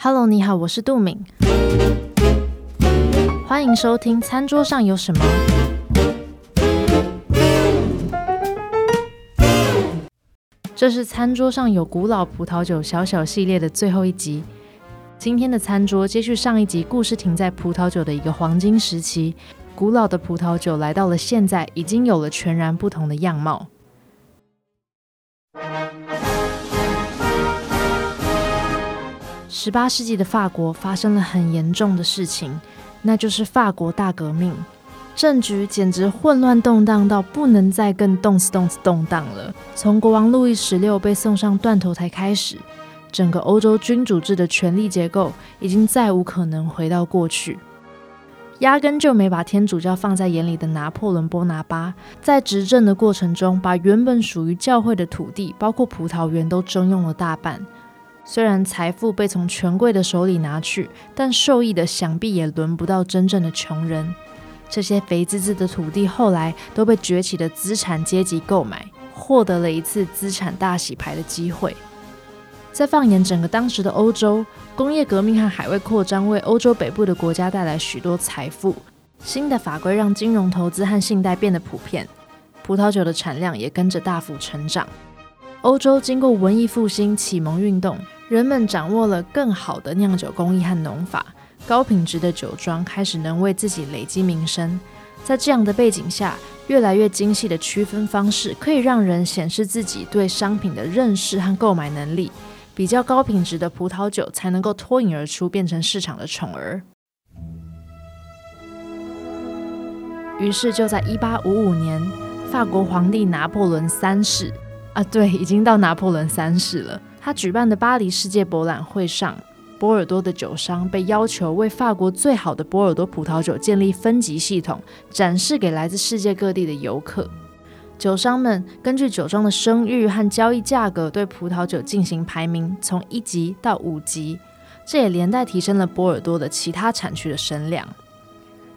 Hello，你好，我是杜敏，歡迎收聽《餐桌上有什麼》。這是《餐桌上有古老葡萄酒》小小系列的最後一集。今天的餐桌接續上一集故事，停在葡萄酒的一個黃金時期。古老的葡萄酒來到了現在，已經有了全然不同的樣貌。十八世紀的法國發生了很嚴重的事情，那就是法國大革命，政局簡直混亂動盪到不能再更動次動次動盪了。從國王路易十六被送上斷頭台開始，整個歐洲君主制的權力結構已經再無可能回到過去，壓根就沒把天主教放在眼裡的拿破崙波拿巴，在執政的過程中，把原本屬於教會的土地，包括葡萄園，都徵用了大半。雖然財富被從權貴的手裡拿去，但受益的想必也輪不到真正的窮人。這些肥滋滋的土地後來都被崛起的資產階級購買，獲得了一次資產大洗牌的機會。再放眼整個當時的歐洲，工業革命和海外擴張為歐洲北部的國家帶來許多財富。新的法規讓金融投資和信貸變得普遍，葡萄酒的產量也跟着大幅成長。歐洲經過文藝復興、啟蒙運動。人們掌握了更好的釀酒工藝和農法，高品質的酒莊開始能為自己累積名聲。在這樣的背景下，越來越精細的區分方式可以讓人顯示自己對商品的認識和購買能力。比較高品質的葡萄酒才能夠脫穎而出，變成市場的寵兒。於是，就在一八五五年，法國皇帝拿破崙三世，啊，對，已經到拿破崙三世了。他舉辦的巴黎世界博覽會上，波爾多的酒商被要求為法國最好的波爾多葡萄酒建立分級系統，展示給來自世界各地的遊客。酒商們根據酒莊的聲譽和交易價格對葡萄酒進行排名，從一級到五級。這也連帶提升了波爾多的其他產區的聲量。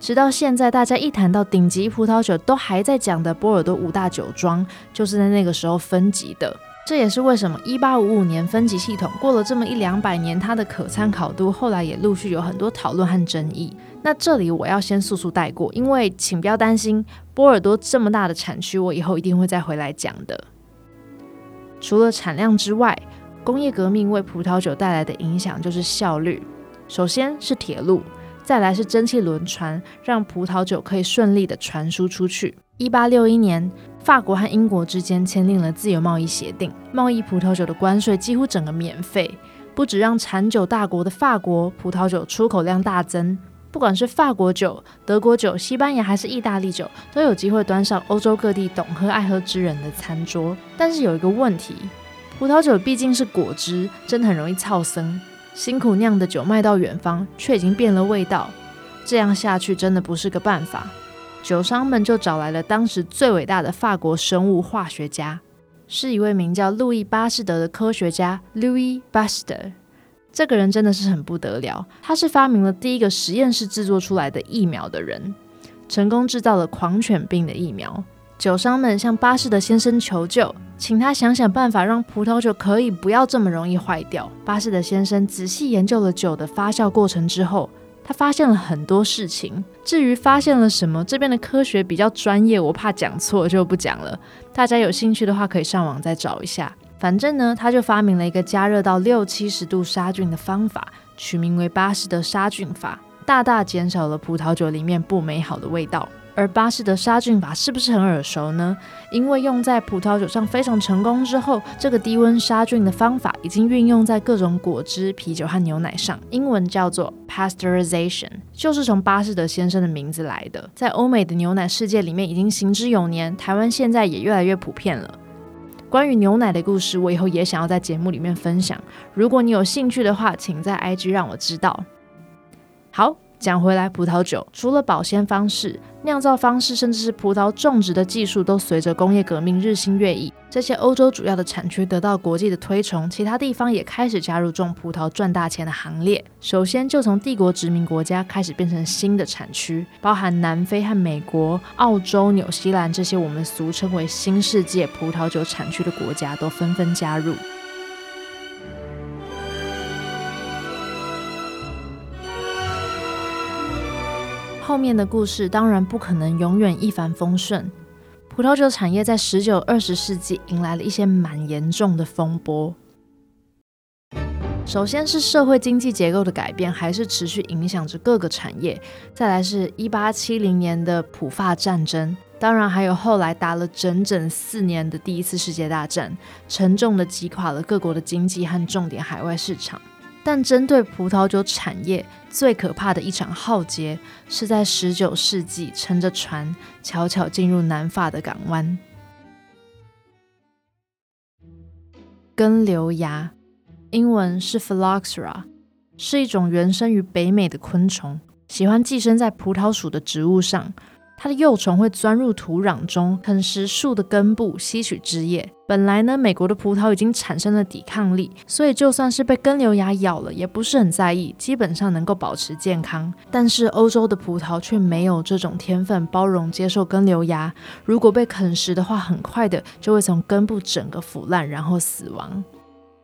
直到現在，大家一談到頂級葡萄酒，都還在講的波爾多五大酒莊，就是在那個時候分級的。這也是為什麼一八五五年分級系統過了這麼一兩百年，它的可參考度後來也陸續有很多討論和爭議。那這裡我要先速速帶過，因為請不要擔心，波爾多這麼大的產區，我以後一定會再回來講的。除了產量之外，工業革命為葡萄酒帶來的影響就是效率。首先是鐵路。再來是蒸汽輪船，讓葡萄酒可以順利地傳輸出去。一八六一年，法國和英國之間簽訂了自由貿易協定，貿易葡萄酒的關稅幾乎整個免費，不止讓產酒大國的法國葡萄酒出口量大增，不管是法國酒、德國酒、西班牙還是意大利酒，都有機會端上歐洲各地懂喝愛喝之人的餐桌。但是有一個問題，葡萄酒畢竟是果汁，真的很容易燥生。辛苦釀的酒賣到遠方，卻已經變了味道。這樣下去真的不是個辦法。酒商們就找來了當時最偉大的法國生物化學家，是一位名叫路易巴斯德的科學家。路易·巴斯德這個人真的是很不得了，他是發明了第一個實驗室制作出來的疫苗的人，成功制造了狂犬病的疫苗。酒商們向巴斯德先生求救，請他想想辦法，讓葡萄酒可以不要這麼容易壞掉。巴斯德先生仔細研究了酒的發酵過程之後，他發現了很多事情。至於發現了什麼，這邊的科學比較專業，我怕講錯就不講了。大家有興趣的話，可以上網再找一下。反正呢，他就發明了一個加熱到六七十度殺菌的方法，取名為巴斯德殺菌法，大大減少了葡萄酒裡面不美好的味道。而巴斯德殺菌法是不是很耳熟呢？因為用在葡萄酒上非常成功之後，這個低溫殺菌的方法已經運用在各種果汁、啤酒和牛奶上。英文叫做 pasteurization，就是從巴斯德先生的名字來的。在歐美的牛奶世界裡面已經行之有年，台灣現在也越來越普遍了。關於牛奶的故事，我以後也想要在節目裡面分享。如果你有興趣的話，請在 IG 讓我知道。好，講回來，葡萄酒除了保鮮方式，釀造方式，甚至是葡萄種植的技術，都隨着工業革命日新月異。這些歐洲主要的產區得到國際的推崇，其他地方也開始加入種葡萄賺大錢的行列。首先就從帝國殖民國家開始變成新的產區，包含南非和美國、澳洲、紐西蘭這些我們俗稱為新世界葡萄酒產區的國家，都紛紛加入。後面的故事當然不可能永遠一帆風順。葡萄酒產業在十九、二十世紀迎來了一些蠻嚴重的風波。首先是社會經濟結構的改變，還是持續影響着各個產業。再來是一八七零年的普法戰爭，當然還有後來打了整整四年的第一次世界大戰，沉重的擊垮了各國的經濟和重點海外市場。但針對葡萄酒產業最可怕的一場浩劫，是在十九世紀乘着船悄悄進入南法的港灣。根瘤蚜，英文是 Phylloxera，是一種原生於北美的昆蟲，喜歡寄生在葡萄屬的植物上。它的幼蟲會鑽入土壤中，啃食樹的根部，吸取汁液。本來呢，美國的葡萄已經產生了抵抗力，所以就算是被根瘤蚜咬了，也不是很在意，基本上能夠保持健康。但是歐洲的葡萄卻沒有這種天分，包容接受根瘤蚜。如果被啃食的話，很快的就會從根部整個腐爛，然後死亡。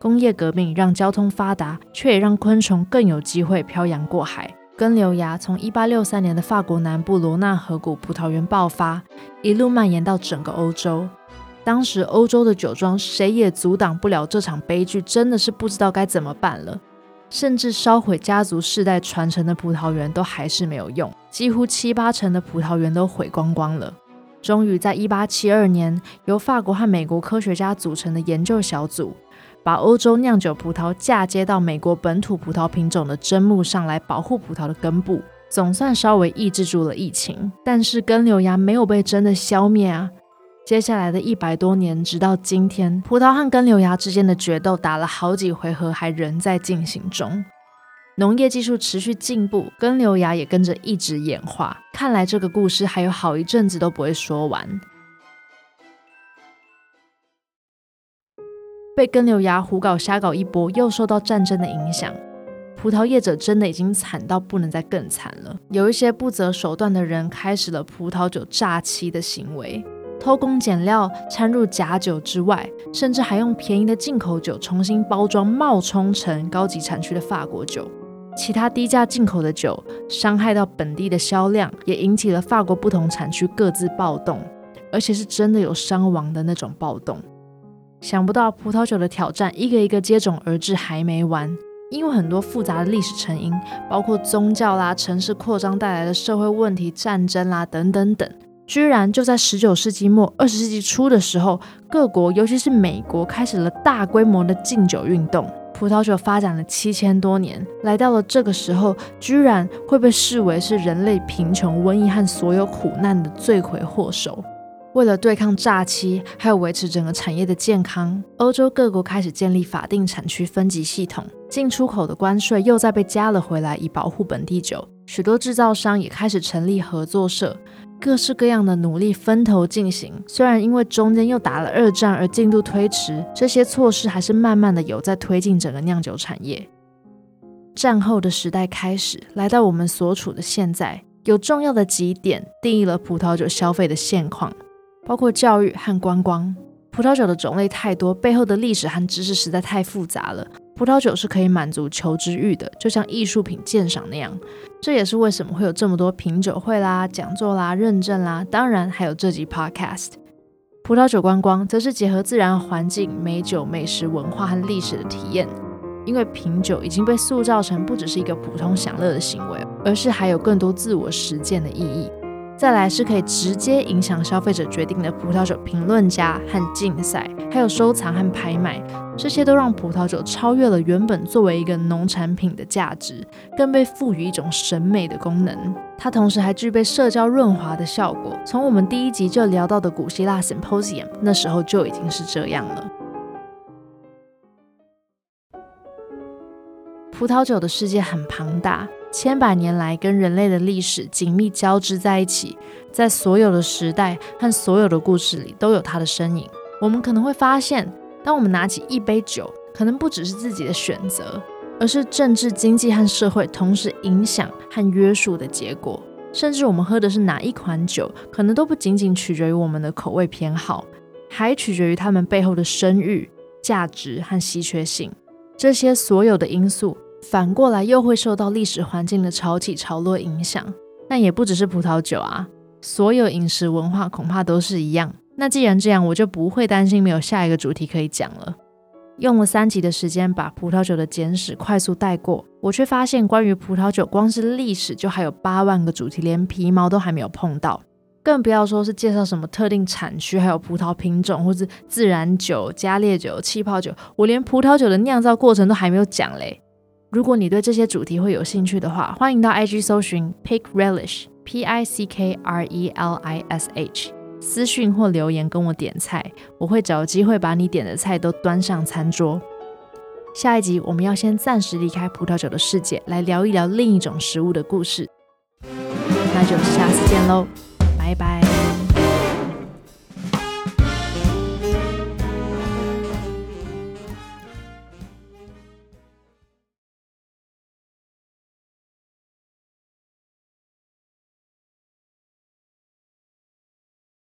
工業革命讓交通發達，卻也讓昆蟲更有機會漂洋過海。根瘤蚜從1863年的法國南部羅納河谷葡萄園爆發，一路蔓延到整個歐洲。當時歐洲的酒莊誰也阻擋不了這場悲劇，真的是不知道該怎麼辦了。甚至燒毀家族世代傳承的葡萄園都還是沒有用，幾乎七八成的葡萄園都毀光光了。終於在1872年，由法國和美國科學家組成的研究小組，把歐洲釀酒葡萄嫁接到美國本土葡萄品種的砧木上來保護葡萄的根部，總算稍微抑制住了疫情。但是根瘤蚜沒有被真的消滅啊！接下來的一百多年，直到今天，葡萄和根瘤蚜之間的決鬥打了好幾回合，還仍在進行中。農業技術持續進步，根瘤蚜也跟着一直演化。看來這個故事還有好一陣子都不會說完。被根瘤蚜胡搞瞎搞一波，又受到戰爭的影響，葡萄業者真的已經慘到不能再更慘了。有一些不擇手段的人開始了葡萄酒詐欺的行為，偷工減料、摻入假酒之外，甚至還用便宜的進口酒重新包裝，冒充成高級產區的法國酒。其他低價進口的酒傷害到本地的銷量，也引起了法國不同產區各自暴動，而且是真的有傷亡的那種暴動。想不到葡萄酒的挑戰一個一個接踵而至，還沒完，因為很多複雜的歷史成因，包括宗教啦、城市擴張帶來的社會問題、戰爭啦等等等，居然就在十九世紀末、二十世紀初的時候，各國尤其是美國開始了大規模的禁酒運動。葡萄酒發展了七千多年，來到了這個時候，居然會被視為是人類貧窮、瘟疫和所有苦難的罪魁禍首。為了對抗詐欺，還有維持整個產業的健康，歐洲各國開始建立法定產區分級系統，進出口的關稅又再被加了回來，以保護本地酒。許多製造商也開始成立合作社。各式各樣的努力分頭進行，雖然因為中間又打了二戰而進度推遲，這些措施還是慢慢的有在推進整個釀酒產業。戰後的時代開始，來到我們所處的現在，有重要的幾點定義了葡萄酒消費的現況，包括教育和觀光。葡萄酒的種類太多，背後的歷史和知識實在太複雜了。葡萄酒是可以滿足求知慾的，就像藝術品鑑賞那樣。這也是為什麼會有這麼多品酒會啦、講座啦、認證啦。當然，還有這集 Podcast。葡萄酒觀光則是結合自然環境、美酒、美食、文化和歷史的體驗。因為品酒已經被塑造成不只是一個普通享樂的行為，而是還有更多自我實踐的意義。再來是可以直接影響消費者決定的葡萄酒評論家和競賽，還有收藏和拍賣，這些都讓葡萄酒超越了原本作為一個農產品的價值，更被賦予一種審美的功能。它同時還具備社交潤滑的效果。從我們第一集就聊到的古希臘 Symposium，那時候就已經是這樣了。葡萄酒的世界很龐大。千百年來，跟人類的歷史緊密交織在一起，在所有的時代和所有的故事裡，都有它的身影。我們可能會發現，當我們拿起一杯酒，可能不只是自己的選擇，而是政治、經濟和社會同時影響和約束的結果。甚至我們喝的是哪一款酒，可能都不僅僅取決於我們的口味偏好，還取決於它們背後的聲譽、價值和稀缺性。這些所有的因素，反過來又會受到歷史環境的潮起潮落影響，但也不只是葡萄酒啊，所有飲食文化恐怕都是一樣。那既然這樣，我就不會擔心沒有下一個主題可以講了。用了三集的時間把葡萄酒的簡史快速帶過，我卻發現關於葡萄酒，光是歷史就還有八萬個主題，連皮毛都還沒有碰到，更不要說是介紹什麼特定產區、還有葡萄品種，或是自然酒、加烈酒、氣泡酒。我連葡萄酒的釀造過程都還沒有講嘞、欸。如果你對這些主題會有興趣的話，歡迎到 IG 搜尋 Pick Relish P I C K R E L I S H，私訊或留言跟我點菜，我會找機會把你點的菜都端上餐桌。下一集我們要先暫時離開葡萄酒的世界，來聊一聊另一種食物的故事。那就下次見嘍，拜拜。